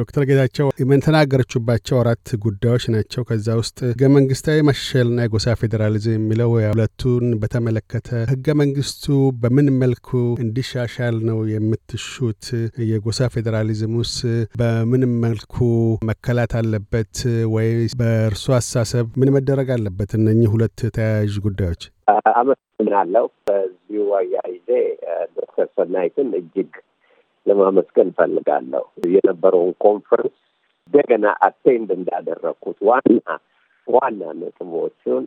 ዶክተር ጌታቸው የምንተናገረችባቸው አራት ጉዳዮች ናቸው። ከዛ ውስጥ ህገ መንግስታዊ ማሻሻልና የጎሳ ፌዴራሊዝም የሚለው ሁለቱን በተመለከተ ህገ መንግስቱ በምን መልኩ እንዲሻሻል ነው የምትሹት? የጎሳ ፌዴራሊዝሙስ በምን መልኩ መከላት አለበት ወይ? በእርሱ አሳሰብ ምን መደረግ አለበት? እነኚህ ሁለት ተያያዥ ጉዳዮች። አመሰግናለሁ። በዚሁ አያይዜ ዶክተር ሰናይትን እጅግ ለማመስገን ፈልጋለሁ። የነበረውን ኮንፈረንስ እንደገና አቴንድ እንዳደረግኩት ዋና ዋና ነጥቦቹን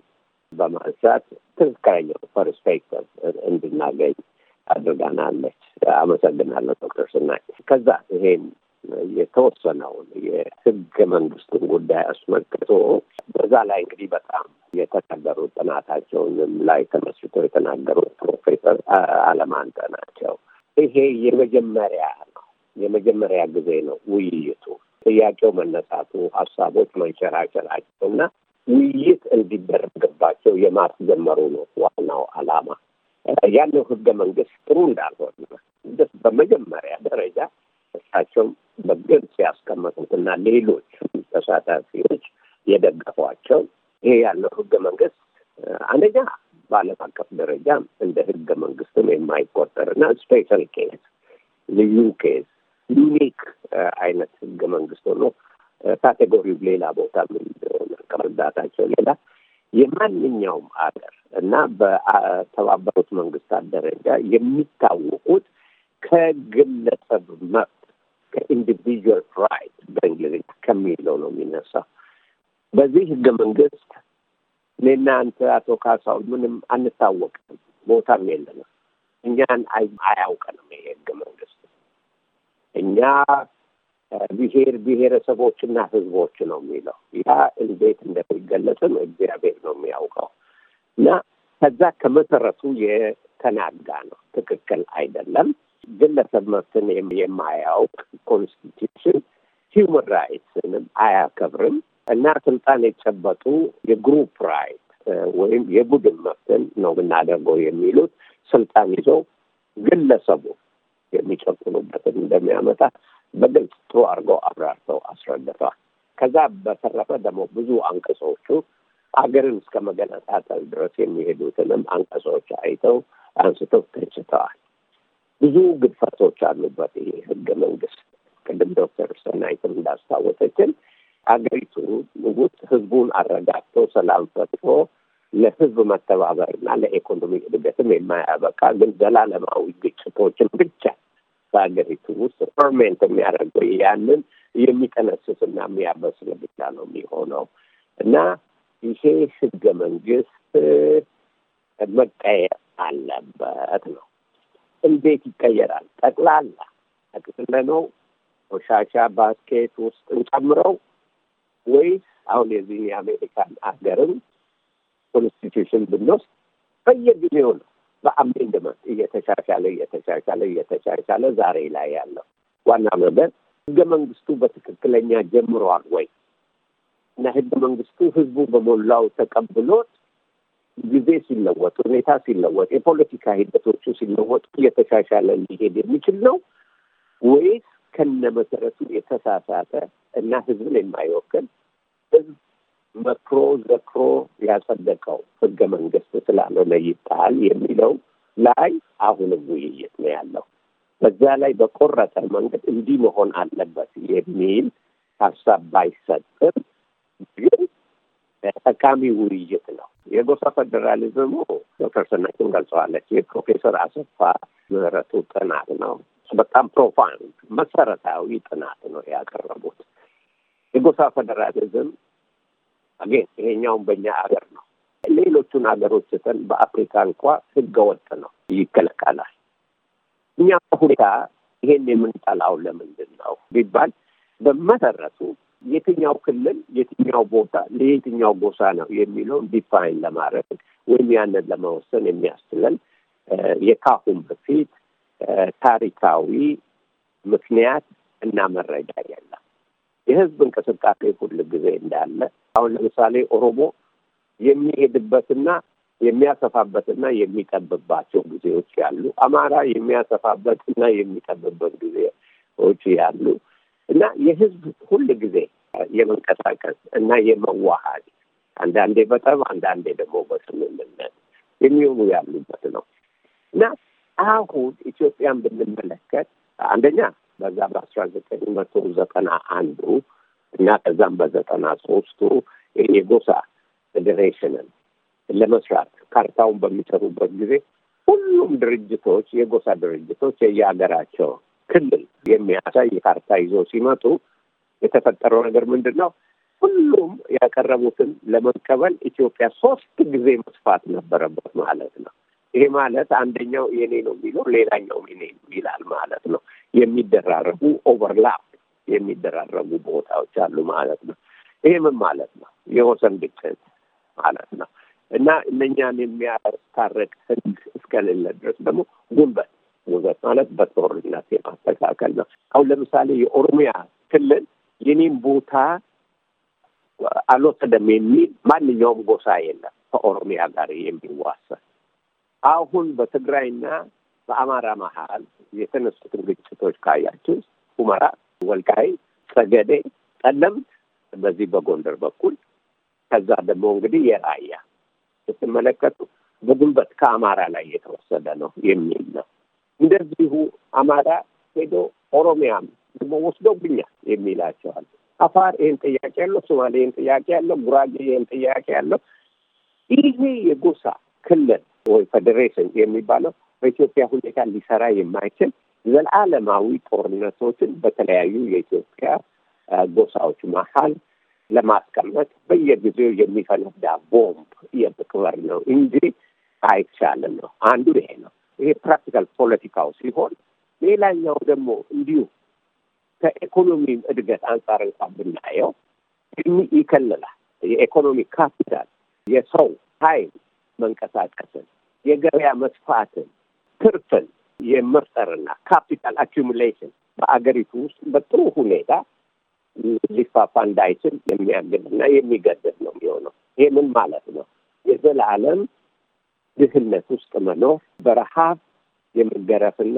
በማንሳት ትክክለኛው ፐርስፔክቲቭ እንድናገኝ አድርጋናለች። አመሰግናለሁ ዶክተር ስናይ። ከዛ ይሄን የተወሰነውን የህገ መንግስትን ጉዳይ አስመልክቶ በዛ ላይ እንግዲህ በጣም የተናገሩት ጥናታቸውንም ላይ ተመስርቶ የተናገሩት ፕሮፌሰር አለማንተ ናቸው። ይሄ የመጀመሪያ ነው። የመጀመሪያ ጊዜ ነው ውይይቱ፣ ጥያቄው መነሳቱ፣ ሀሳቦች መንሸራሸራቸው እና ውይይት እንዲደረግባቸው የማስጀመሩ ነው ዋናው አላማ ያለው ህገ መንግስት ጥሩ እንዳልሆነ ደስ በመጀመሪያ ደረጃ እሳቸውም በግልጽ እና ሌሎች ተሳታፊዎች የደገፏቸው ይሄ ያለው ህገ መንግስት አንደኛ በዓለም አቀፍ ደረጃ እንደ ህገ መንግስትም የማይቆጠርና ስፔሻል ኬስ ልዩ ኬስ ዩኒክ አይነት ህገ መንግስት ሆኖ ካቴጎሪው ሌላ ቦታ ምን ከመርዳታቸው ሌላ የማንኛውም አገር እና በተባበሩት መንግስታት ደረጃ የሚታወቁት ከግለሰብ መብት ከኢንዲቪጁዋል ራይት በእንግሊዝኛ ከሚለው ነው የሚነሳው። በዚህ ህገ መንግስት እኔና አንተ አቶ ካሳው ምንም አንታወቅም፣ ቦታም የለንም። እኛን አያውቀንም ይሄ ህገ መንግስት። እኛ ብሔር ብሔረሰቦችና ህዝቦች ነው የሚለው። ያ እንዴት እንደሚገለጽም እግዚአብሔር ነው የሚያውቀው። እና ከዛ ከመሰረቱ የተናጋ ነው፣ ትክክል አይደለም። ግለሰብ መብትን የማያውቅ ኮንስቲትዩሽን ሂውመን ራይትስንም አያከብርም እና ስልጣን የጨበጡ የግሩፕ ራይት ወይም የቡድን መብትን ነው የምናደርገው የሚሉት ስልጣን ይዘው ግለሰቡ የሚጨቁኑበትን እንደሚያመጣ በግልጽ ጥሩ አድርገው አብራርተው አስረድተዋል። ከዛ በተረፈ ደግሞ ብዙ አንቀጾቹ አገርን እስከ መገነጣጠል ድረስ የሚሄዱትንም አንቀጾች አይተው አንስተው ተችተዋል። ብዙ ግድፈቶች አሉበት ይህ ህገ መንግስት ቅድም ዶክተር ሰናይትም እንዳስታወሰችን አገሪቱን ውስጥ ህዝቡን አረጋግቶ ሰላም ፈጥሮ ለህዝብ መተባበር እና ለኢኮኖሚ እድገትም የማያበቃ ግን ዘላለማዊ ግጭቶችን ብቻ በሀገሪቱ ውስጥ ፐርሜንት የሚያደርገው ያንን እና የሚያበስል ብቻ ነው የሚሆነው እና ይሄ ህገ መንግስት መቀየር አለበት ነው። እንዴት ይቀየራል? ጠቅላላ ጠቅስለ ነው ቆሻሻ ባስኬት ውስጥ እንጨምረው ወይስ አሁን የዚህ የአሜሪካን ሀገርም ኮንስቲቱሽን ብንወስድ በየጊዜው ነው በአሜንድመንት እየተሻሻለ እየተሻሻለ እየተሻሻለ ዛሬ ላይ ያለው ዋና ነገር ህገ መንግስቱ በትክክለኛ ጀምሯል ወይ እና ህገ መንግስቱ ህዝቡ በሞላው ተቀብሎት ጊዜ ሲለወጥ፣ ሁኔታ ሲለወጥ፣ የፖለቲካ ሂደቶቹ ሲለወጡ እየተሻሻለ ሊሄድ የሚችል ነው ወይስ ከነመሰረቱ የተሳሳተ እና ህዝብን የማይወክል ህዝብ መክሮ ዘክሮ ያጸደቀው ህገ መንግስት ስላልሆነ ይጣል የሚለው ላይ አሁንም ውይይት ነው ያለው። በዛ ላይ በቆረጠ መንገድ እንዲህ መሆን አለበት የሚል ሀሳብ ባይሰጥም ግን ጠቃሚ ውይይት ነው። የጎሳ ፌዴራሊዝሙ ዶክተር ስናይቱም ገልጸዋለች። የፕሮፌሰር አሰፋ ምህረቱ ጥናት ነው። በጣም ፕሮፋንድ መሰረታዊ ጥናት ነው ያቀረቡት። የጎሳ ፌዴራሊዝም አጌን ይሄኛውን በእኛ ሀገር ነው። ሌሎቹን ሀገሮች ስተን በአፍሪካ እንኳ ህገ ወጥ ነው፣ ይከለከላል። እኛ ሁኔታ ይሄን የምንጠላው ለምንድን ነው ቢባል በመሰረቱ የትኛው ክልል የትኛው ቦታ ለየትኛው ጎሳ ነው የሚለውን ዲፋይን ለማድረግ ወይም ያንን ለመወሰን የሚያስችለን የካሁን በፊት ታሪካዊ ምክንያት እና መረጃ የለም። የህዝብ እንቅስቃሴ ሁል ጊዜ እንዳለ አሁን ለምሳሌ ኦሮሞ የሚሄድበትና የሚያሰፋበትና የሚጠብባቸው ጊዜዎች ያሉ፣ አማራ የሚያሰፋበትና የሚጠብበት ጊዜዎች ያሉ እና የህዝብ ሁል ጊዜ የመንቀሳቀስ እና የመዋሃድ አንዳንዴ በጠብ አንዳንዴ ደግሞ በስምምነት የሚሆኑ ያሉበት ነው እና አሁን ኢትዮጵያን ብንመለከት አንደኛ በዛ በአስራ ዘጠኝ መቶ ዘጠና አንዱ እና ከዛም በዘጠና ሶስቱ የጎሳ ፌዴሬሽንን ለመስራት ካርታውን በሚሰሩበት ጊዜ ሁሉም ድርጅቶች የጎሳ ድርጅቶች የየሀገራቸው ክልል የሚያሳይ ካርታ ይዞ ሲመጡ የተፈጠረው ነገር ምንድን ነው? ሁሉም ያቀረቡትን ለመቀበል ኢትዮጵያ ሶስት ጊዜ መስፋት ነበረበት ማለት ነው። ይሄ ማለት አንደኛው የኔ ነው የሚለው ሌላኛው የኔ ነው ይላል ማለት ነው። የሚደራረጉ ኦቨርላፕ የሚደራረጉ ቦታዎች አሉ ማለት ነው። ይሄ ምን ማለት ነው? የወሰን ግጭት ማለት ነው እና እነኛን የሚያስታረቅ ህግ እስከሌለ ድረስ ደግሞ ጉልበት ጉልበት ማለት በጦርነት የማስተካከል ነው። አሁን ለምሳሌ የኦሮሚያ ክልል የኔም ቦታ አልወሰደም የሚል ማንኛውም ጎሳ የለም ከኦሮሚያ ጋር የሚዋሰን አሁን በትግራይና በአማራ መሀል የተነሱትን ግጭቶች ካያችሁ ሁመራ፣ ወልቃይ ጸገዴ፣ ጠለምት በዚህ በጎንደር በኩል ከዛ ደግሞ እንግዲህ የራያ ስትመለከቱ በጉልበት ከአማራ ላይ የተወሰደ ነው የሚል ነው። እንደዚሁ አማራ ሄዶ ኦሮሚያም ደግሞ ወስዶብኛል የሚላቸዋል። አፋር ይህን ጥያቄ ያለው፣ ሶማሌ ይህን ጥያቄ ያለው፣ ጉራጌ ይህን ጥያቄ ያለው። ይሄ የጎሳ ክልል ወይ ፌዴሬሽን የሚባለው በኢትዮጵያ ሁኔታ ሊሰራ የማይችል ዘለዓለማዊ ጦርነቶችን በተለያዩ የኢትዮጵያ ጎሳዎች መሀል ለማስቀመጥ በየጊዜው የሚፈነዳ ቦምብ የመቅበር ነው እንጂ አይቻልም ነው። አንዱ ይሄ ነው። ይሄ ፕራክቲካል ፖለቲካው ሲሆን፣ ሌላኛው ደግሞ እንዲሁ ከኢኮኖሚም እድገት አንጻር እንኳን ብናየው ይከልላል። የኢኮኖሚ ካፒታል የሰው ኃይል መንቀሳቀስን፣ የገበያ መስፋትን፣ ትርፍን የመፍጠርና ካፒታል አኪሙሌሽን በአገሪቱ ውስጥ በጥሩ ሁኔታ ሊፋፋ እንዳይችል የሚያግድና የሚገድብ ነው የሚሆነው። ይህ ምን ማለት ነው? የዘላለም ድህነት ውስጥ መኖር በረሃብ የመገረፍና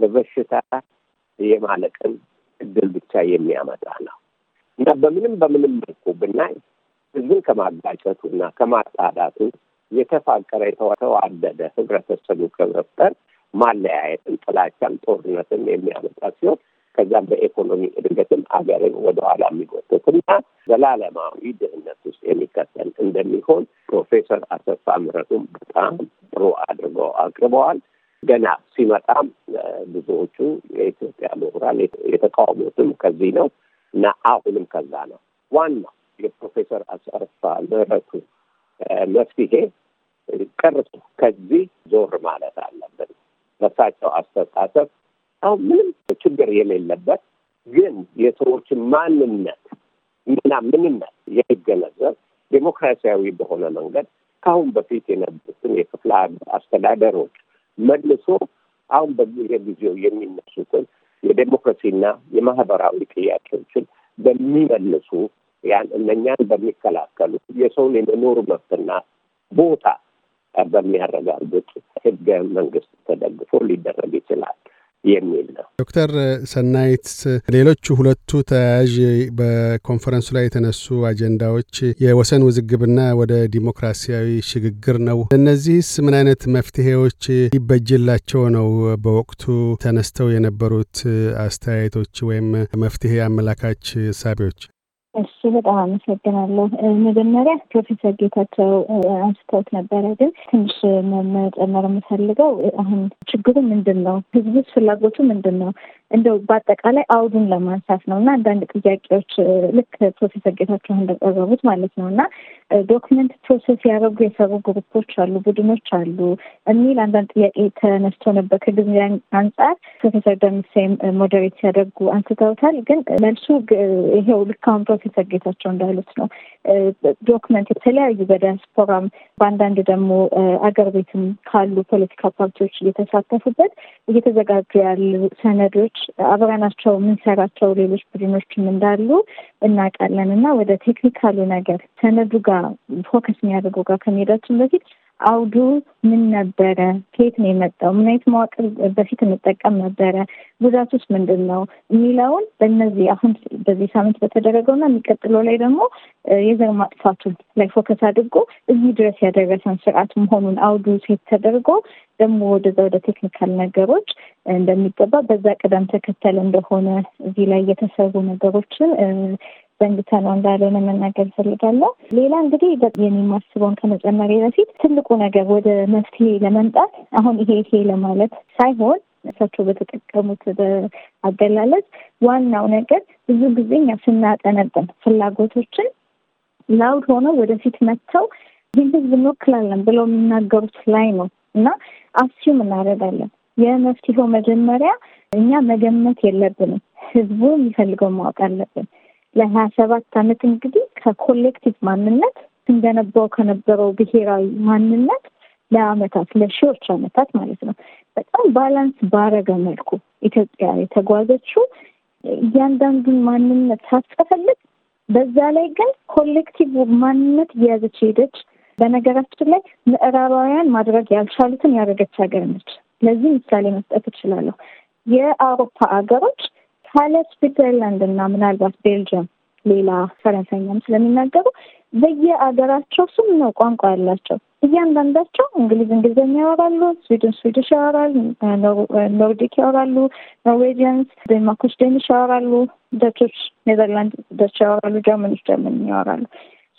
በበሽታ የማለቅን እድል ብቻ የሚያመጣ ነው እና በምንም በምንም መልኩ ብናይ ህዝብን ከማጋጨቱ እና ከማጣዳቱ የተፋቀረ የተዋደደ ህብረተሰቡ ከመፍጠር ማለያየትን፣ ጥላቻን፣ ጦርነትን የሚያመጣ ሲሆን ከዛም በኢኮኖሚ እድገትም አገርን ወደኋላ የሚጎትትና ዘላለማዊ ድህነት ውስጥ የሚከተል እንደሚሆን ፕሮፌሰር አሰፋ ምረቱም በጣም ጥሩ አድርገው አቅርበዋል። ገና ሲመጣም ብዙዎቹ የኢትዮጵያ ምሁራን የተቃወሙትም ከዚህ ነው እና አሁንም ከዛ ነው ዋናው የፕሮፌሰር አሰፋ ምረቱ መፍትሄ ቀርቶ ከዚህ ዞር ማለት አለብን። በሳቸው አስተሳሰብ አሁን ምንም ችግር የሌለበት ግን የሰዎች ማንነት ምና ምንነት የሚገነዘብ ዴሞክራሲያዊ በሆነ መንገድ ከአሁን በፊት የነበሩትን የክፍለ አስተዳደሮች መልሶ አሁን በየጊዜው የሚነሱትን የዴሞክራሲና የማህበራዊ ጥያቄዎችን በሚመልሱ ያን እነኛን በሚከላከሉ የሰውን የመኖር መብትና ቦታ በሚያረጋግጥ ህገ መንግስት ተደግፎ ሊደረግ ይችላል የሚል ነው። ዶክተር ሰናይት ሌሎቹ ሁለቱ ተያያዥ በኮንፈረንሱ ላይ የተነሱ አጀንዳዎች የወሰን ውዝግብና ወደ ዲሞክራሲያዊ ሽግግር ነው። እነዚህስ ምን አይነት መፍትሄዎች ይበጅላቸው ነው? በወቅቱ ተነስተው የነበሩት አስተያየቶች ወይም መፍትሄ አመላካች ሳቢዎች። በጣም አመሰግናለሁ። መጀመሪያ ፕሮፌሰር ጌታቸው አንስተውት ነበረ፣ ግን ትንሽ መጨመር የምፈልገው አሁን ችግሩ ምንድን ነው፣ ህዝቡ ፍላጎቱ ምንድን ነው፣ እንደው በአጠቃላይ አውዱን ለማንሳት ነው እና አንዳንድ ጥያቄዎች ልክ ፕሮፌሰር ጌታቸው እንደቀረቡት ማለት ነው እና ዶክመንት ፕሮሰስ ያደረጉ የሰሩ ግሩፖች አሉ፣ ቡድኖች አሉ የሚል አንዳንድ ጥያቄ ተነስቶ ነበር። ከጊዜ አንጻር ፕሮፌሰር ደምሴም ሞዴሬት ሲያደርጉ አንስተውታል። ግን መልሱ ይሄው ልካሁን ፕሮፌሰር ጌታቸው እንዳሉት ነው። ዶክመንት የተለያዩ በዲያስፖራም በአንዳንድ ደግሞ አገር ቤትም ካሉ ፖለቲካ ፓርቲዎች እየተሳተፉበት እየተዘጋጁ ያሉ ሰነዶች አብረናቸው የምንሰራቸው ሌሎች ቡድኖችም እንዳሉ እናውቃለን እና ወደ ቴክኒካሉ ነገር ሰነዱ ጋር ፎከስ የሚያደርጉ ጋር ከመሄዳችን በፊት አውዱ ምን ነበረ? ከየት ነው የመጣው? ምን አይነት መዋቅር በፊት እንጠቀም ነበረ? ውስጥ ምንድን ነው የሚለውን በነዚህ አሁን በዚህ ሳምንት በተደረገውና የሚቀጥለው ላይ ደግሞ የዘር ማጥፋቱ ላይ ፎከስ አድርጎ እዚህ ድረስ ያደረሰን ስርዓት መሆኑን አውዱ ሴት ተደርጎ ደግሞ ወደዛ ወደ ቴክኒካል ነገሮች እንደሚገባ በዛ ቅደም ተከተል እንደሆነ እዚህ ላይ የተሰሩ ነገሮችን ዘንግተ ነው እንዳልሆነ መናገር እፈልጋለሁ። ሌላ እንግዲህ የማስበውን ከመጨመሪ በፊት ትልቁ ነገር ወደ መፍትሄ ለመምጣት አሁን ይሄ ይሄ ለማለት ሳይሆን እሳቸው በተጠቀሙት አገላለጽ ዋናው ነገር ብዙ ጊዜ እኛ ስናጠነጥን ፍላጎቶችን ላውድ ሆነው ወደፊት መጥተው ይህን ህዝብ እንወክላለን ብለው የሚናገሩት ላይ ነው እና አስዩም እናደርጋለን። የመፍትሄው መጀመሪያ እኛ መገመት የለብንም፣ ህዝቡ የሚፈልገው ማወቅ አለብን። ለሀያ ሰባት አመት እንግዲህ ከኮሌክቲቭ ማንነት ስንገነባው ከነበረው ብሔራዊ ማንነት ለአመታት ለሺዎች አመታት ማለት ነው በጣም ባላንስ ባረገ መልኩ ኢትዮጵያ የተጓዘችው እያንዳንዱን ማንነት ሳትጨፈልግ በዛ ላይ ግን ኮሌክቲቭ ማንነት እየያዘች ሄደች። በነገራችን ላይ ምዕራባውያን ማድረግ ያልቻሉትን ያደረገች ሀገር ነች። ለዚህ ምሳሌ መስጠት እችላለሁ። የአውሮፓ ሀገሮች ፓለስ ስዊትዘርላንድ እና ምናልባት ቤልጅየም ሌላ ፈረንሳይኛም ስለሚናገሩ በየአገራቸው ስም ነው ቋንቋ ያላቸው። እያንዳንዳቸው እንግሊዝ እንግሊዝኛ ያወራሉ፣ ስዊድን ስዊድሽ ያወራል፣ ኖርዲክ ያወራሉ፣ ኖርዌጂያንስ ዴንማርኮች ዴኒሽ ያወራሉ፣ ደቾች ኔዘርላንድ ደች ያወራሉ፣ ጀርመኖች ጀርመን ያወራሉ።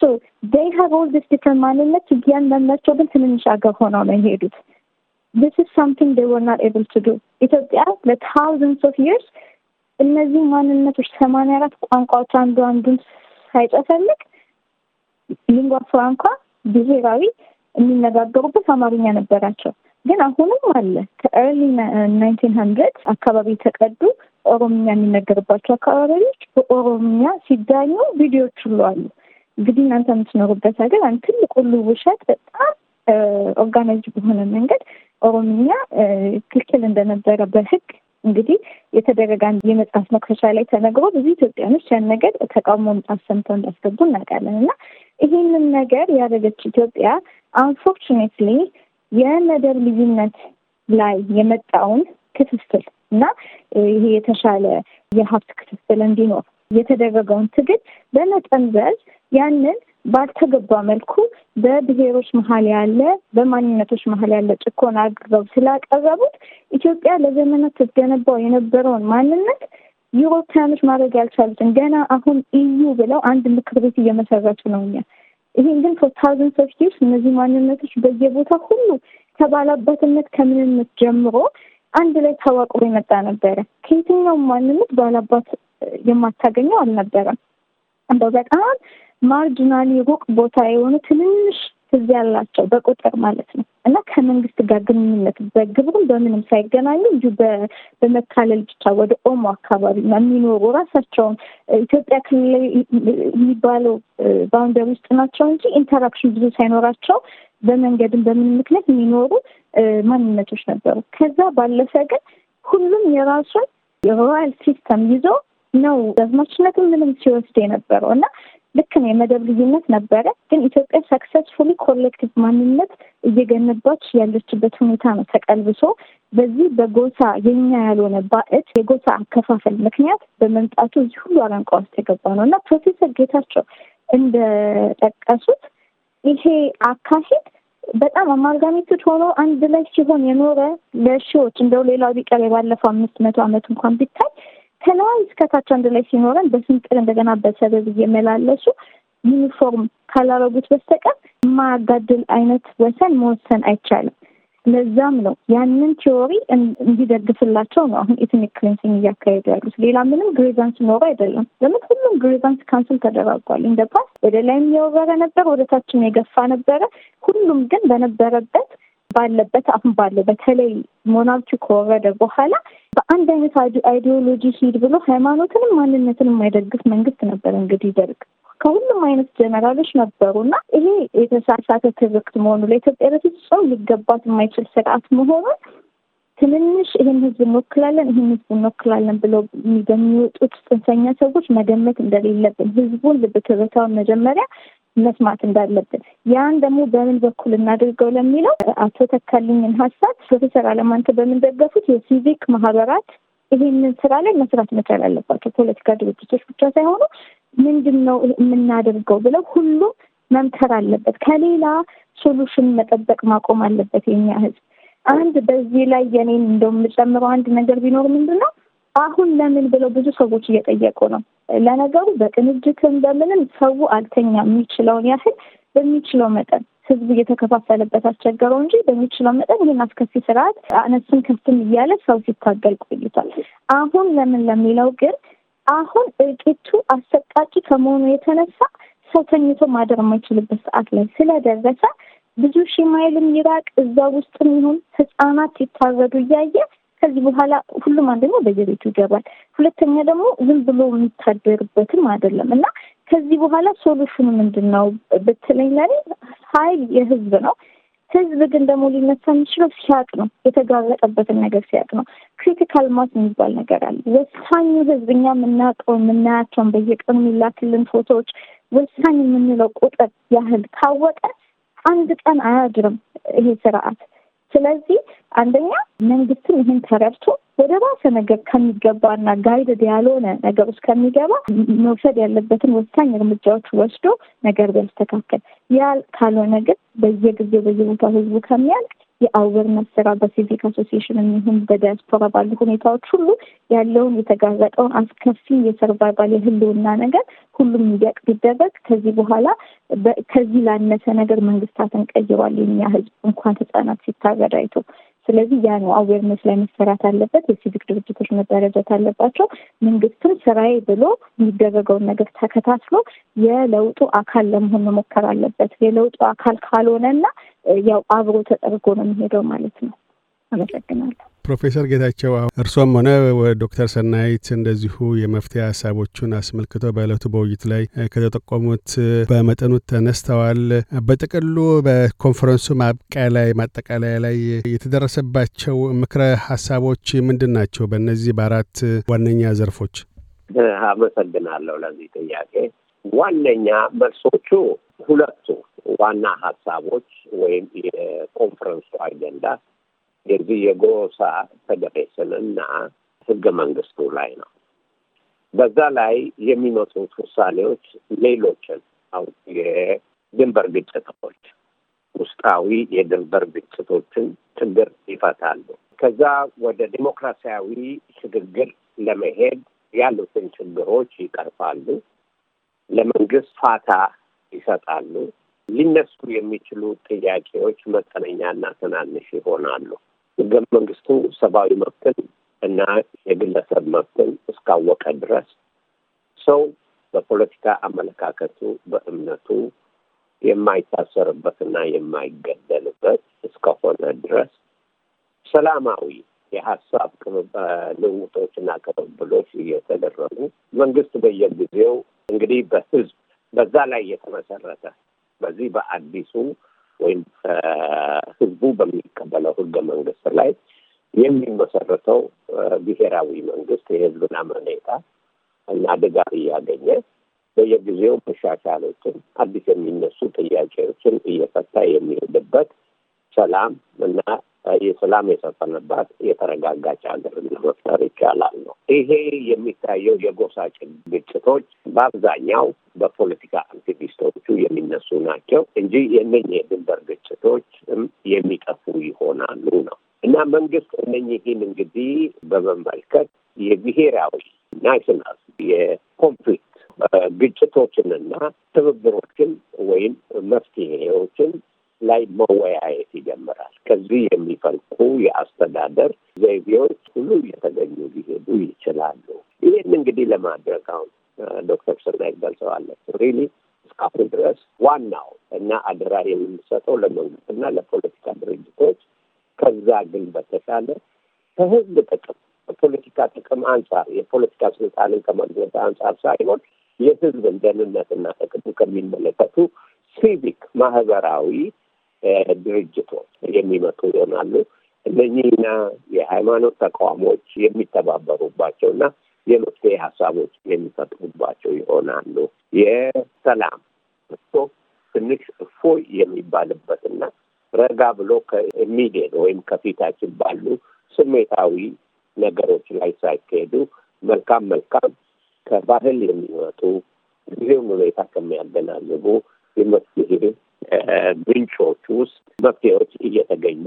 ሶ ዴይ ሀቭ ኦል ዲስ ዲፍረንት ማንነት። እያንዳንዳቸው ግን ትንንሽ አገር ሆነው ነው የሄዱት። ዲስ ኢዝ ሳምቲንግ ዴይ ወር ናት ኤብል ቱ ዱ ኢትዮጵያ ለታውዘንድስ ኦፍ ይርስ እነዚህ ማንነቶች ሰማንያ አራት ቋንቋዎች አንዱ አንዱን ሳይጨፈልቅ ሊንጓ ፍራንኳ ብሔራዊ የሚነጋገሩበት አማርኛ ነበራቸው። ግን አሁንም አለ። ከኤርሊ ናይንቲን ሀንድረድ አካባቢ የተቀዱ ኦሮምኛ የሚነገርባቸው አካባቢዎች በኦሮምኛ ሲዳኙ ቪዲዮዎች ሁሉ አሉ። እንግዲህ እናንተ የምትኖሩበት ሀገር አንድ ትልቅ ሁሉ ውሸት በጣም ኦርጋናይዝ በሆነ መንገድ ኦሮምኛ ክልክል እንደነበረ በህግ እንግዲህ የተደረገ አንድ የመጽሐፍ መክፈቻ ላይ ተነግሮ ብዙ ኢትዮጵያኖች ያን ነገር ተቃውሞ አሰምተው ሰምተው እንዳስገቡ እናውቃለን። እና ይህንን ነገር ያደረገች ኢትዮጵያ አንፎርቹኔትሊ የመደብ ልዩነት ላይ የመጣውን ክፍፍል እና ይሄ የተሻለ የሀብት ክፍፍል እንዲኖር የተደረገውን ትግል በመጠምዘዝ ያንን ባልተገባ መልኩ በብሔሮች መሀል ያለ በማንነቶች መሀል ያለ ጭኮን አድርገው ስላቀረቡት ኢትዮጵያ ለዘመናት ስትገነባው የነበረውን ማንነት ዩሮፒያኖች ማድረግ ያልቻሉትን ገና አሁን ኢዩ ብለው አንድ ምክር ቤት እየመሰረቱ ነው። እኛ ይህን ግን ፎር ታውዘንድ እነዚህ ማንነቶች በየቦታ ሁሉ ከባላባትነት ከምንነት ጀምሮ አንድ ላይ ታዋቅሮ የመጣ ነበረ። ከየትኛውም ማንነት ባላባት የማታገኘው አልነበረም። እንደው በጣም ማርጂናል ሩቅ ቦታ የሆኑ ትንንሽ ህዝብ ያላቸው በቁጥር ማለት ነው እና ከመንግስት ጋር ግንኙነት በግብሩም በምንም ሳይገናኙ እንዲሁ በመካለል ብቻ ወደ ኦሞ አካባቢ የሚኖሩ ራሳቸውን ኢትዮጵያ ክልል የሚባለው ባውንደር ውስጥ ናቸው እንጂ ኢንተራክሽን ብዙ ሳይኖራቸው በመንገድም በምንም ምክንያት የሚኖሩ ማንነቶች ነበሩ። ከዛ ባለፈ ግን ሁሉም የራሱን የሮያል ሲስተም ይዞ ነው አዝማችነትም ምንም ሲወስድ የነበረው እና ልክ ነው የመደብ ልዩነት ነበረ። ግን ኢትዮጵያ ሰክሰስፉሊ ኮሌክቲቭ ማንነት እየገነባች ያለችበት ሁኔታ ነው ተቀልብሶ በዚህ በጎሳ የኛ ያልሆነ ባዕድ የጎሳ አከፋፈል ምክንያት በመምጣቱ እዚህ ሁሉ አረንቋ ውስጥ የገባ ነው እና ፕሮፌሰር ጌታቸው እንደጠቀሱት ይሄ አካሄድ በጣም አማርጋሚቱት ሆኖ አንድ ላይ ሲሆን የኖረ ለሺዎች እንደው ሌላው ቢቀር የባለፈው አምስት መቶ ዓመት እንኳን ቢታይ ከላይ እስከታች አንድ ላይ ሲኖረን በስንቅር እንደገና በሰበብ እየመላለሱ ዩኒፎርም ካላረጉት በስተቀር የማያጋድል አይነት ወሰን መወሰን አይቻልም። ለዛም ነው ያንን ቲዎሪ እንዲደግፍላቸው ነው አሁን ኢትኒክ ክሊንሲንግ እያካሄዱ ያሉት። ሌላ ምንም ግሪቫንስ ኖሮ አይደለም። ለምን ሁሉም ግሪቫንስ ካንስል ተደራጓል። እንደ ፓስ ወደ ላይም የወረረ ነበር፣ ወደ ታችም የገፋ ነበረ። ሁሉም ግን በነበረበት ባለበት አሁን ባለው በተለይ ሞናርኪው ከወረደ በኋላ በአንድ አይነት አይዲዮሎጂ ሂድ ብሎ ሃይማኖትንም ማንነትንም የማይደግፍ መንግስት ነበር እንግዲህ ደርግ ከሁሉም አይነት ጀነራሎች ነበሩ እና ይሄ የተሳሳተ ትርክት መሆኑ ለኢትዮጵያ በፍጹም ሊገባት የማይችል ስርዓት መሆኑን ትንንሽ ይህን ህዝብ እንወክላለን ይህን ህዝብ እንወክላለን ብሎ በሚወጡት ጽንፈኛ ሰዎች መገመት እንደሌለብን ህዝቡን ልብ ትርታውን መጀመሪያ መስማት እንዳለብን ያን ደግሞ በምን በኩል እናድርገው ለሚለው አቶ ተካልኝን ሀሳብ ፕሮፌሰር አለማንተ በምንደገፉት የሲቪክ ማህበራት ይሄንን ስራ ላይ መስራት መቻል አለባቸው። ፖለቲካ ድርጅቶች ብቻ ሳይሆኑ ምንድን ነው የምናደርገው ብለው ሁሉም መምከር አለበት። ከሌላ ሶሉሽን መጠበቅ ማቆም አለበት የኛ ህዝብ። አንድ በዚህ ላይ የኔን እንደው የምጨምረው አንድ ነገር ቢኖር ምንድን ነው አሁን ለምን ብለው ብዙ ሰዎች እየጠየቁ ነው። ለነገሩ በቅንጅትም በምንም ሰው አልተኛ የሚችለውን ያህል በሚችለው መጠን ህዝቡ እየተከፋፈለበት አስቸገረው እንጂ በሚችለው መጠን ይህን አስከፊ ስርዓት አነስም ከፍትም እያለ ሰው ሲታገል ቆይቷል። አሁን ለምን ለሚለው ግን አሁን እልቂቱ አሰቃቂ ከመሆኑ የተነሳ ሰው ተኝቶ ማደር የማይችልበት ሰዓት ላይ ስለደረሰ ብዙ ሺህ ማይልም ይራቅ እዛ ውስጥም ይሁን ህጻናት ሲታረዱ እያየ ከዚህ በኋላ ሁሉም አንደኛ በየቤቱ ይገባል፣ ሁለተኛ ደግሞ ዝም ብሎ የሚታደርበትም አይደለም እና ከዚህ በኋላ ሶሉሽኑ ምንድን ነው ብትለኝ ለኔ ሀይል የህዝብ ነው። ህዝብ ግን ደግሞ ሊነሳ የሚችለው ሲያቅ ነው፣ የተጋረጠበትን ነገር ሲያቅ ነው። ክሪቲካል ማስ የሚባል ነገር አለ። ወሳኙ ህዝብ እኛ የምናውቀው የምናያቸውን፣ በየቀኑ የሚላክልን ፎቶዎች ወሳኝ የምንለው ቁጥር ያህል ካወቀ አንድ ቀን አያድርም ይሄ ስርዓት ስለዚህ አንደኛ መንግስትም ይህን ተረድቶ ወደ ባሰ ነገር ከሚገባና ጋይደድ ያልሆነ ነገር ውስጥ ከሚገባ መውሰድ ያለበትን ወሳኝ እርምጃዎች ወስዶ ነገር ቢያስተካከል፣ ያ ካልሆነ ግን በየጊዜው በየቦታው ህዝቡ ከሚያልቅ የአዌርነስ ስራ በሲቪክ አሶሲሽን የሚሆን በዲያስፖራ ባሉ ሁኔታዎች ሁሉ ያለውን የተጋረጠውን አስከፊ የሰርቫይቫል የህልውና ነገር ሁሉም እንዲያቅ ቢደረግ ከዚህ በኋላ ከዚህ ላነሰ ነገር መንግስታትን ቀይሯል። የኛ ህዝብ እንኳን ህጻናት ሲታረድ አይቶ ስለዚህ ያ ነው አዌርነስ ላይ መሰራት አለበት። የሲቪክ ድርጅቶች መደራጀት አለባቸው። መንግስትም ስራዬ ብሎ የሚደረገውን ነገር ተከታትሎ የለውጡ አካል ለመሆን መሞከር አለበት። የለውጡ አካል ካልሆነና ያው አብሮ ተጠርጎ ነው የሚሄደው ማለት ነው። አመሰግናለሁ። ፕሮፌሰር ጌታቸው እርሶም ሆነ ዶክተር ሰናይት እንደዚሁ የመፍትሄ ሀሳቦቹን አስመልክቶ በእለቱ በውይይት ላይ ከተጠቆሙት በመጠኑ ተነስተዋል። በጥቅሉ በኮንፈረንሱ ማብቂያ ላይ ማጠቃለያ ላይ የተደረሰባቸው ምክረ ሀሳቦች ምንድን ናቸው? በእነዚህ በአራት ዋነኛ ዘርፎች። አመሰግናለሁ ለዚህ ጥያቄ። ዋነኛ መልሶቹ ሁለቱ ዋና ሀሳቦች ወይም የኮንፈረንሱ አጀንዳ የዚህ የጎሳ እና ህገ መንግስቱ ላይ ነው። በዛ ላይ የሚመጡት ውሳኔዎች ሌሎችን አሁ የድንበር ግጭቶች ውስጣዊ የድንበር ግጭቶችን ችግር ይፈታሉ። ከዛ ወደ ዲሞክራሲያዊ ሽግግር ለመሄድ ያሉትን ችግሮች ይቀርፋሉ። ለመንግስት ፋታ ይሰጣሉ። ሊነሱ የሚችሉ ጥያቄዎች መጠነኛና ትናንሽ ይሆናሉ። ህገ መንግስቱ ሰብአዊ መብትን እና የግለሰብ መብትን እስካወቀ ድረስ ሰው በፖለቲካ አመለካከቱ፣ በእምነቱ የማይታሰርበትና የማይገደልበት እስከሆነ ድረስ ሰላማዊ የሀሳብ ልውጦችና ቅብብሎች እየተደረጉ መንግስት በየጊዜው እንግዲህ በህዝብ በዛ ላይ የተመሰረተ በዚህ በአዲሱ ወይም ህዝቡ በሚቀበለው ህገ መንግስት ላይ የሚመሰረተው ብሔራዊ መንግስት የህዝብን አመኔታ እና ድጋፍ እያገኘ በየጊዜው መሻሻሎችን፣ አዲስ የሚነሱ ጥያቄዎችን እየፈታ የሚሄድበት ሰላም እና የሰላም የሰፈነባት የተረጋጋች ሀገር መፍጠር ይቻላል ነው። ይሄ የሚታየው የጎሳ ግጭቶች በአብዛኛው በፖለቲካ አክቲቪስቶቹ የሚነሱ ናቸው እንጂ የነኝ የድንበር ግጭቶች የሚጠፉ ይሆናሉ ነው እና መንግስት እነኝህን እንግዲህ በመመልከት የብሔራዊ ናሽናል የኮንፍሊክት ግጭቶችንና ትብብሮችን ወይም መፍትሄዎችን ላይ መወያየት ይጀምራል። ከዚህ የሚፈልቁ የአስተዳደር ዘይቤዎች ሁሉ እየተገኙ ሊሄዱ ይችላሉ። ይህን እንግዲህ ለማድረግ አሁን ዶክተር ስናይ ገልጸዋለች ሪሊ እስካሁን ድረስ ዋናው እና አደራ የምንሰጠው ለመንግስትና ለፖለቲካ ድርጅቶች ከዛ ግን በተሻለ ከህዝብ ጥቅም ከፖለቲካ ጥቅም አንጻር የፖለቲካ ስልጣንን ከማግኘት አንጻር ሳይሆን የህዝብን ደህንነትና ጥቅም ከሚመለከቱ ሲቪክ ማህበራዊ ድርጅቶች የሚመጡ ይሆናሉ። እነኚህና የሃይማኖት ተቋሞች ና የመፍትሄ ሀሳቦች የሚፈጥሩባቸው ይሆናሉ። የሰላም እሶ ትንሽ እፎይ የሚባልበትና ረጋ ብሎ ከኢሚዲየት ወይም ከፊታችን ባሉ ስሜታዊ ነገሮች ላይ ሳይካሄዱ መልካም መልካም ከባህል የሚመጡ ጊዜውን ሁኔታ ከሚያገናዝቡ የመፍትሄ ምንጮች ውስጥ መፍትሄዎች እየተገኙ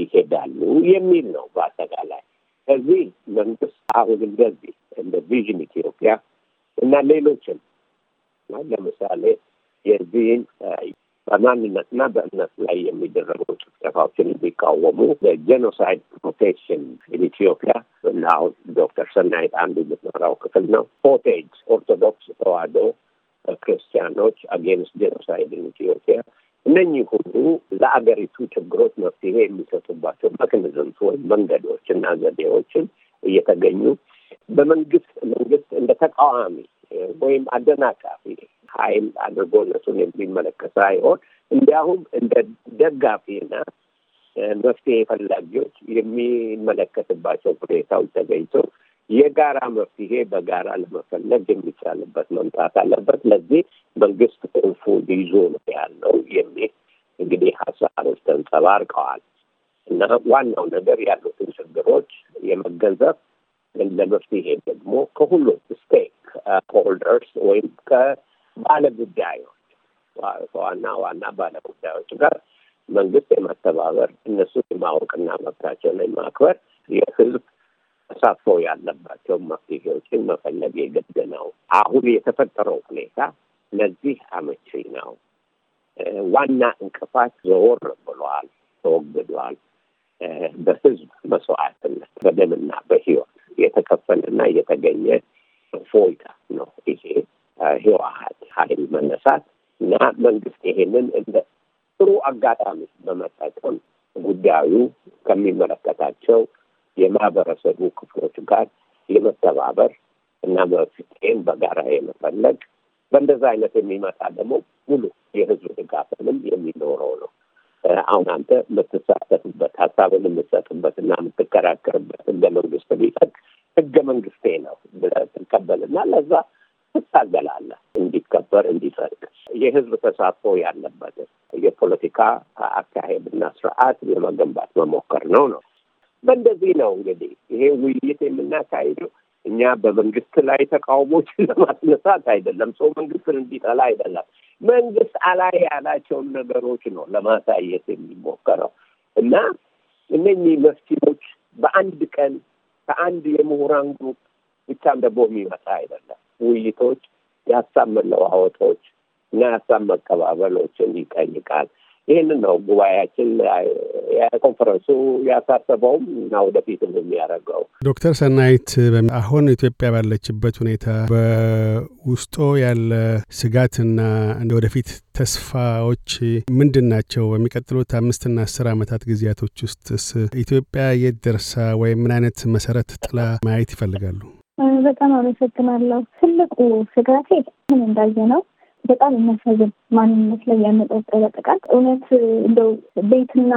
ይሄዳሉ የሚል ነው። በአጠቃላይ ከዚህ መንግስት አሁን እንደዚህ እንደ ቪዥን ኢትዮጵያ እና ሌሎችም ለምሳሌ የዚህን በማንነትና በእምነት ላይ የሚደረጉ ጭፍጨፋዎችን እንዲቃወሙ ጀኖሳይድ ፕሮቴክሽን ኢትዮጵያ እና አሁን ዶክተር ሰናይት አንዱ የምትመራው ክፍል ነው ፖቴጅ ኦርቶዶክስ ተዋሕዶ ክርስቲያኖች አጌንስት ጄኖሳይድ ኢትዮጵያ እነኚህ ሁሉ ለአገሪቱ ችግሮች መፍትሄ የሚሰጡባቸው መክኒዝምስ ወይም መንገዶች እና ዘዴዎችን እየተገኙ በመንግስት መንግስት እንደ ተቃዋሚ ወይም አደናቃፊ ሀይል አድርጎ እነሱን የሚመለከት ሳይሆን እንዲያሁም እንደ ደጋፊና መፍትሄ ፈላጊዎች የሚመለከትባቸው ሁኔታዎች ተገኝተው የጋራ መፍትሄ በጋራ ለመፈለግ የሚቻልበት መምጣት አለበት። ለዚህ መንግስት ቁልፉ ይዞ ነው ያለው የሚል እንግዲህ ሀሳቦች ተንጸባርቀዋል እና ዋናው ነገር ያሉትን ችግሮች የመገንዘብ ለመፍትሄ ደግሞ ከሁሉም ስቴክ ሆልደርስ ወይም ከባለ ጉዳዮች ከዋና ዋና ባለ ጉዳዮች ጋር መንግስት የማስተባበር እነሱ የማወቅና መብታቸውን የማክበር የህዝብ ተሳትፎ ያለባቸውን መፍትሄዎችን መፈለግ የግድ ነው። አሁን የተፈጠረው ሁኔታ ለዚህ አመቺ ነው። ዋና እንቅፋት ዘወር ብሏል፣ ተወግዷል። በህዝብ መስዋዕትነት በደምና በህይወት የተከፈለና የተገኘ ፎይታ ነው። ይሄ ህወሀት ሀይል መነሳት እና መንግስት ይሄንን እንደ ጥሩ አጋጣሚ በመጠቀም ጉዳዩ ከሚመለከታቸው የማህበረሰቡ ክፍሎች ጋር የመተባበር እና መፍትሄን በጋራ የመፈለግ በእንደዛ አይነት የሚመጣ ደግሞ ሙሉ የህዝብ ድጋፍንም የሚኖረው ነው። አሁን አንተ የምትሳተፍበት ሀሳብን የምትሰጥበት እና የምትከራከርበት እንደ መንግስት ቢጠቅ ህገ መንግስቴ ነው ብለህ ትቀበልና ለዛ ትታገላለህ እንዲከበር እንዲጸድቅ። የህዝብ ተሳትፎ ያለበትን የፖለቲካ አካሄድና ስርዓት ለመገንባት መሞከር ነው ነው በእንደዚህ ነው እንግዲህ ይሄ ውይይት የምናካሄደው እኛ በመንግስት ላይ ተቃውሞችን ለማስነሳት አይደለም። ሰው መንግስትን እንዲጠላ አይደለም። መንግስት አላይ ያላቸውን ነገሮች ነው ለማሳየት የሚሞከረው እና እነኚህ መፍትሄዎች በአንድ ቀን ከአንድ የምሁራን ግሩፕ ብቻም ደግሞ የሚመጣ አይደለም። ውይይቶች፣ የሀሳብ መለዋወጦች እና የሀሳብ መቀባበሎችን ይጠይቃል። ይህንን ነው ጉባኤያችን የኮንፈረንሱ ያሳሰበውም እና ወደፊትም የሚያደርገው። ዶክተር ሰናይት አሁን ኢትዮጵያ ባለችበት ሁኔታ በውስጦ ያለ ስጋትና ወደፊት ተስፋዎች ምንድን ናቸው? በሚቀጥሉት አምስትና አስር ዓመታት ጊዜያቶች ውስጥስ ኢትዮጵያ የት ደርሳ ወይም ምን አይነት መሰረት ጥላ ማየት ይፈልጋሉ? በጣም አመሰግናለሁ። ትልቁ ስጋቴ ምን እንዳየ ነው በጣም የሚያሳዝን ማንነት ላይ ያነጣጠረ ጥቃት እውነት እንደው ቤትና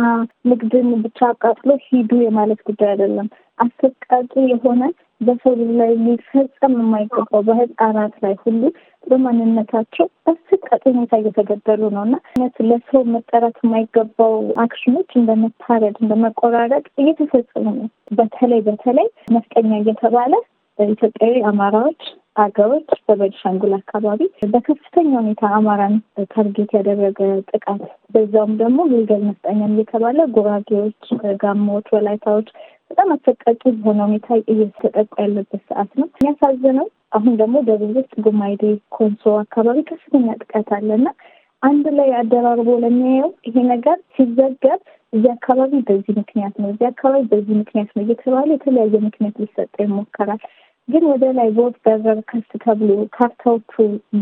ንግድን ብቻ አቃጥሎ ሂዱ የማለት ጉዳይ አይደለም። አሰቃቂ የሆነ በሰው ላይ ሊፈጸም የማይገባው በህፃናት ላይ ሁሉ በማንነታቸው አሰቃቂ ሁኔታ እየተገደሉ ነው እና እውነት ለሰው መጠራት የማይገባው አክሽኖች እንደ መታረድ፣ እንደ መቆራረጥ እየተፈጸሙ ነው። በተለይ በተለይ ነፍጠኛ እየተባለ ኢትዮጵያዊ አማራዎች አገሮች በቤኒሻንጉል አካባቢ በከፍተኛ ሁኔታ አማራን ታርጌት ያደረገ ጥቃት በዛውም ደግሞ ግልገል መስጠኛም እየተባለ ጉራጌዎች፣ ጋሞዎች፣ ወላይታዎች በጣም አሰቃቂ በሆነ ሁኔታ እየተጠቁ ያለበት ሰዓት ነው። የሚያሳዝነው አሁን ደግሞ ደቡብ ውስጥ ጉማይዴ፣ ኮንሶ አካባቢ ከፍተኛ ጥቃት አለና አንድ ላይ አደራርቦ ለሚያየው ይሄ ነገር ሲዘገብ እዚህ አካባቢ በዚህ ምክንያት ነው፣ እዚህ አካባቢ በዚህ ምክንያት ነው እየተባለ የተለያየ ምክንያት ሊሰጠ ይሞከራል። ግን ወደ ላይ ቦት በረር ከፍ ተብሎ ካርታዎቹ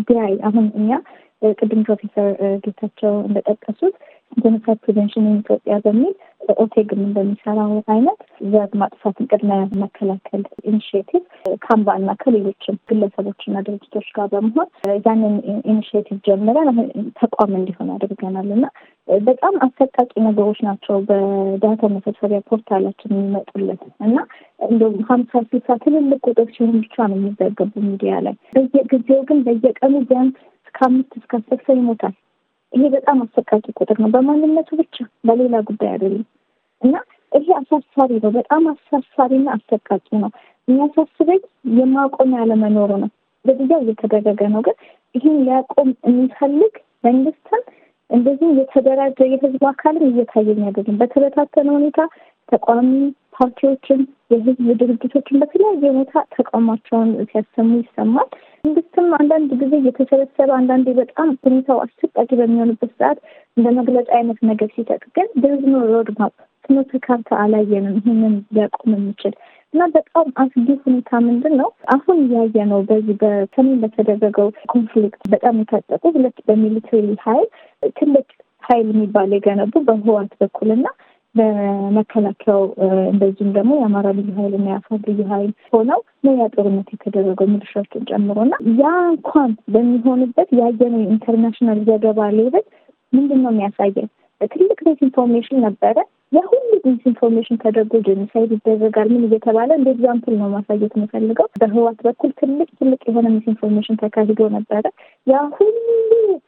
ቢያይ አሁን እኛ ቅድም ፕሮፌሰር ጌታቸው እንደጠቀሱት ጄኖሳይድ ፕሪቨንሽን ኢን ኢትዮጵያ በሚል በኦቴግም እንደሚሰራው አይነት ዘር ማጥፋትን ቅድመ መከላከል ኢኒሽቲቭ ካምባ እና ከሌሎችም ግለሰቦችና ድርጅቶች ጋር በመሆን ያንን ኢኒሽቲቭ ጀምረን ተቋም እንዲሆን አድርገናል እና በጣም አሰቃቂ ነገሮች ናቸው በዳታ መሰብሰቢያ ፖርታላችን የሚመጡልን እና እንደ ሀምሳ ስልሳ ትልልቅ ቁጥር ሲሆን ብቻ ነው የሚዘገቡ ሚዲያ ላይ። በየጊዜው ግን በየቀኑ ቢያንስ ከአምስት እስከ አስር ሰው ይሞታል። ይሄ በጣም አሰቃቂ ቁጥር ነው። በማንነቱ ብቻ በሌላ ጉዳይ አይደለም። እና ይሄ አሳሳቢ ነው። በጣም አሳሳቢና አሰቃቂ ነው። የሚያሳስበኝ የማቆም ያለመኖሩ ነው። በጊዜው እየተደረገ ነው፣ ግን ይህን ሊያቆም የሚፈልግ መንግስትም እንደዚህ የተደራጀ የህዝብ አካልም እየታየኝ አይደለም። በተበታተነ ሁኔታ ተቃዋሚ ፓርቲዎችን፣ የህዝብ ድርጅቶችን በተለያየ ቦታ ተቃውሟቸውን ሲያሰሙ ይሰማል። መንግስትም አንዳንድ ጊዜ እየተሰበሰበ አንዳንዴ በጣም ሁኔታው አስቸጋሪ በሚሆንበት ሰዓት እንደ መግለጫ አይነት ነገር ሲሰጥ ግን በህዝኖ ሮድማፕ ትምህርት ካርታ አላየንም ይህንን ሊያቆም የሚችል እና በጣም አስጊ ሁኔታ ምንድን ነው አሁን እያየ ነው። በዚህ በሰሜን በተደረገው ኮንፍሊክት በጣም የታጠቁ ሁለት በሚሊተሪ ሀይል ትልቅ ሀይል የሚባል የገነቡ በህዋት በኩል እና በመከላከያው እንደዚሁም ደግሞ የአማራ ልዩ ኃይል እና የአፋር ልዩ ኃይል ሆነው ነው ያ ጦርነት የተደረገው ሚሊሻዎችን ጨምሮና ያ እንኳን በሚሆንበት ያየነው የኢንተርናሽናል ዘገባ ሌበል ምንድን ነው የሚያሳየን? ትልቅ ዲስኢንፎርሜሽን ነበረ። የሁሉ ዲስኢንፎርሜሽን ተደርጎ ጄኖሳይድ ይደረጋል ምን እየተባለ እንደ ኤግዛምፕል ነው ማሳየት የምፈልገው። በህዋት በኩል ትልቅ ትልቅ የሆነ ሚስኢንፎርሜሽን ተካሂዶ ነበረ። ያ ሁሉ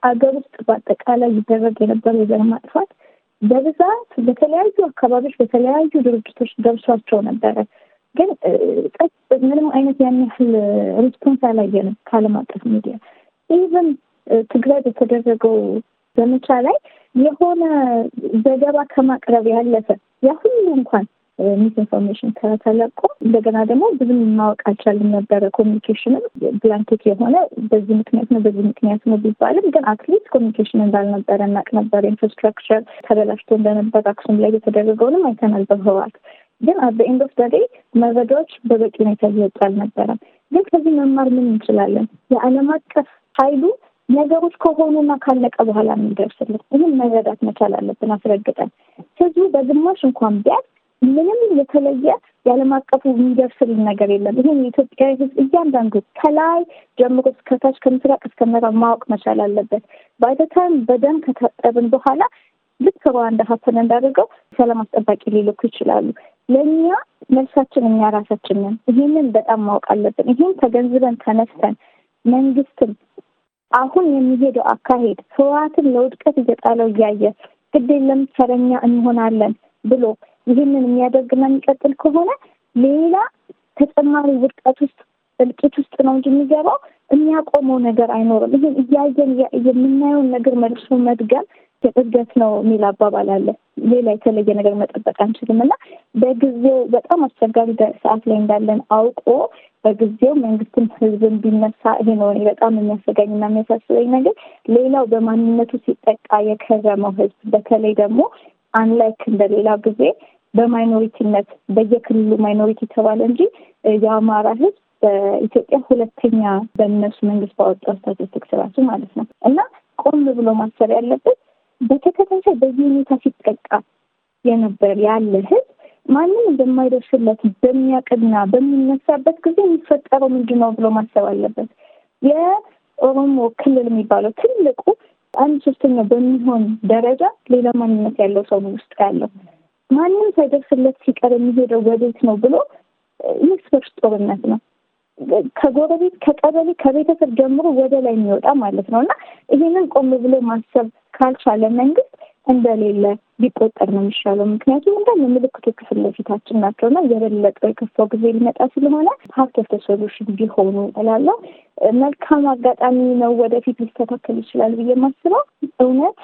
አገር ውስጥ በአጠቃላይ ይደረግ የነበረው የዘር ማጥፋት በብዛት በተለያዩ አካባቢዎች በተለያዩ ድርጅቶች ደርሷቸው ነበረ። ግን ምንም አይነት ያን ያህል ሪስፖንስ አላየንም ከዓለም አቀፍ ሚዲያ። ኢቨን ትግራይ በተደረገው ዘመቻ ላይ የሆነ ዘገባ ከማቅረብ ያለፈ ያ ሁሉ እንኳን ሚስ ኢንፎርሜሽን ከተለቁ እንደገና ደግሞ ብዙም ማወቅ አልቻልም ነበረ። ኮሚኒኬሽንም ብላንኬት የሆነ በዚህ ምክንያት ነው በዚህ ምክንያት ነው ቢባልም ግን አትሊስት ኮሚኒኬሽን እንዳልነበረ እናቅ ነበር። ኢንፍራስትራክቸር ተበላሽቶ እንደነበር አክሱም ላይ የተደረገውንም አይተናል በህዋት ግን በኤንድ ኦፍ ዘዴ መረጃዎች በበቂ ሁኔታ እየወጡ አልነበረም። ግን ከዚህ መማር ምን እንችላለን? የዓለም አቀፍ ኃይሉ ነገሮች ከሆኑና ካለቀ በኋላ የሚደርስልን ይህን መረዳት መቻል አለብን አስረግጠን ህዝቡ በግማሽ እንኳን ቢያንስ ምንም የተለየ የዓለም አቀፉ የሚደርስልን ነገር የለም። ይሄን የኢትዮጵያዊ ሕዝብ እያንዳንዱ ከላይ ጀምሮ እስከታች ከምስራቅ እስከ ምዕራብ ማወቅ መቻል አለበት። ባይተታይም በደንብ ከታጠብን በኋላ ልክ ሩዋንዳ ሀፈን እንዳደርገው ሰላም አስጠባቂ ሊልኩ ይችላሉ። ለእኛ መልሳችን እኛ ራሳችንን ይህንን በጣም ማወቅ አለብን። ይህም ተገንዝበን ተነስተን መንግስትም አሁን የሚሄደው አካሄድ ህወሓትን ለውድቀት እየጣለው እያየ ግድ የለም ተረኛ እንሆናለን ብሎ ይህንን የሚያደርግና የሚቀጥል ከሆነ ሌላ ተጨማሪ ውድቀት ውስጥ እልቂት ውስጥ ነው እንጂ የሚገባው የሚያቆመው ነገር አይኖርም። ይህን እያየን የምናየውን ነገር መልሶ መድገም እድገት ነው የሚል አባባል አለ። ሌላ የተለየ ነገር መጠበቅ አንችልም እና በጊዜው በጣም አስቸጋሪ ሰዓት ላይ እንዳለን አውቆ በጊዜው መንግስትም ህዝብን ቢነሳ ይሄ ነው እኔ በጣም የሚያሰጋኝና የሚያሳስበኝ ነገር። ሌላው በማንነቱ ሲጠቃ የከረመው ህዝብ በተለይ ደግሞ አንላይክ እንደሌላ ጊዜ በማይኖሪቲነት በየክልሉ ማይኖሪቲ ተባለ እንጂ የአማራ ህዝብ በኢትዮጵያ ሁለተኛ በእነሱ መንግስት ባወጣው ስታቲስቲክስ ራሱ ማለት ነው። እና ቆም ብሎ ማሰብ ያለበት በተከታታይ በዚህ ሁኔታ ሲጠቃ የነበር ያለ ህዝብ ማንም እንደማይደርስለት በሚያቅድና በሚነሳበት ጊዜ የሚፈጠረው ምንድን ነው ብሎ ማሰብ አለበት። የኦሮሞ ክልል የሚባለው ትልቁ አንድ ሶስተኛው በሚሆን ደረጃ ሌላ ማንነት ያለው ሰው ውስጥ ያለው ማንም ሳይደርስለት ሲቀር የሚሄደው ወዴት ነው ብሎ የእርስ በርስ ጦርነት ነው። ከጎረቤት ከቀበሌ ከቤተሰብ ጀምሮ ወደ ላይ የሚወጣ ማለት ነው እና ይሄንን ቆም ብሎ ማሰብ ካልቻለ መንግስት እንደሌለ ቢቆጠር ነው የሚሻለው። ምክንያቱም እንዳለ ምልክቶች ክፍል ለፊታችን ናቸው እና የበለጠ የከፋው ጊዜ ሊመጣ ስለሆነ ፓርት ኦፍ ሶሉሽን ቢሆኑ እላለው መልካም አጋጣሚ ነው፣ ወደፊት ሊስተካከል ይችላል ብዬ ማስበው እውነት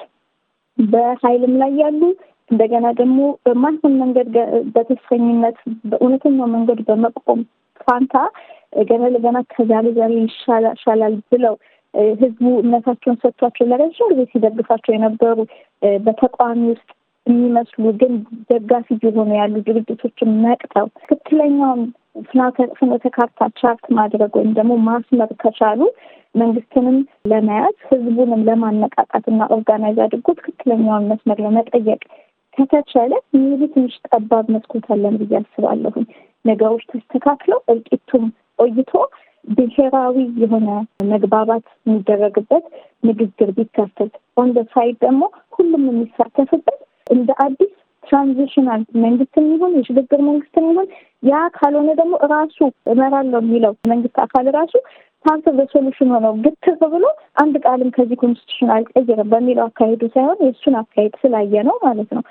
በሀይልም ላይ ያሉ እንደገና ደግሞ በማይሆን መንገድ በተሰኝነት በእውነተኛው መንገድ በመቆም ፋንታ ገና ለገና ከዛሬ ዛሬ ይሻላል ብለው ህዝቡ እምነታቸውን ሰጥቷቸው ለረዥም ጊዜ ሲደግፋቸው የነበሩ በተቃዋሚ ውስጥ የሚመስሉ ግን ደጋፊ እየሆኑ ያሉ ድርጅቶችን መቅጠው ትክክለኛውን ፍኖተ ካርታ ቻርት ማድረግ ወይም ደግሞ ማስመር ከቻሉ መንግስትንም ለመያዝ ህዝቡንም ለማነቃቃት እና ኦርጋናይዝ አድርጎ ትክክለኛውን መስመር ለመጠየቅ ከተቻለ ይህ ትንሽ ጠባብ መስኮት አለን ብዬ አስባለሁኝ። ነገሮች ተስተካክለው እልቂቱም ቆይቶ ብሔራዊ የሆነ መግባባት የሚደረግበት ንግግር ቢካተት፣ ኦንደ ሳይድ ደግሞ ሁሉም የሚሳተፍበት እንደ አዲስ ትራንዚሽናል መንግስት የሚሆን የሽግግር መንግስት የሚሆን ያ ካልሆነ ደግሞ ራሱ እመራለሁ የሚለው መንግስት አካል ራሱ ፓርት ኦፍ ሶሉሽን ሆነው ግትር ብሎ አንድ ቃልም ከዚህ ኮንስቲቱሽን አልቀይርም በሚለው አካሄዱ ሳይሆን የእሱን አካሄድ ስላየ ነው ማለት ነው።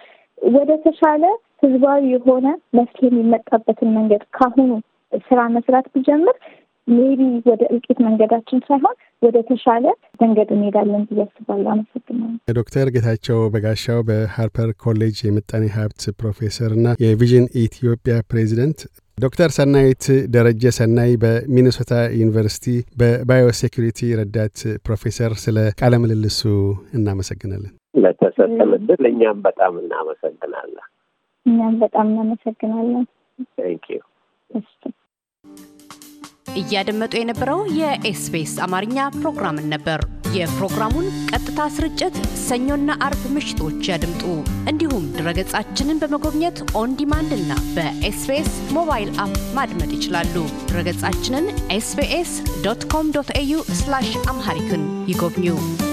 ወደ ተሻለ ህዝባዊ የሆነ መፍትሄ የሚመጣበትን መንገድ ካሁኑ ስራ መስራት ብጀምር ሜቢ ወደ እልቂት መንገዳችን ሳይሆን ወደ ተሻለ መንገድ እንሄዳለን ብዬ አስባለሁ። አመሰግናለሁ። ዶክተር ጌታቸው በጋሻው በሃርፐር ኮሌጅ የምጣኔ ሀብት ፕሮፌሰር እና የቪዥን ኢትዮጵያ ፕሬዚደንት ዶክተር ሰናይት ደረጀ ሰናይ በሚኒሶታ ዩኒቨርሲቲ በባዮሴኩሪቲ ረዳት ፕሮፌሰር፣ ስለ ቃለ ምልልሱ እናመሰግናለን። ለተሰጠ ምድል እኛም በጣም እናመሰግናለን። እኛም በጣም እናመሰግናለን። እያደመጡ የነበረው የኤስቢኤስ አማርኛ ፕሮግራምን ነበር። የፕሮግራሙን ቀጥታ ስርጭት ሰኞና አርብ ምሽቶች ያድምጡ። እንዲሁም ድረገጻችንን በመጎብኘት ኦን ዲማንድ እና በኤስቢኤስ ሞባይል አፕ ማድመጥ ይችላሉ። ድረገጻችንን ኤስቢኤስ ዶት ኮም ዶት ኤዩ አምሃሪክን ይጎብኙ።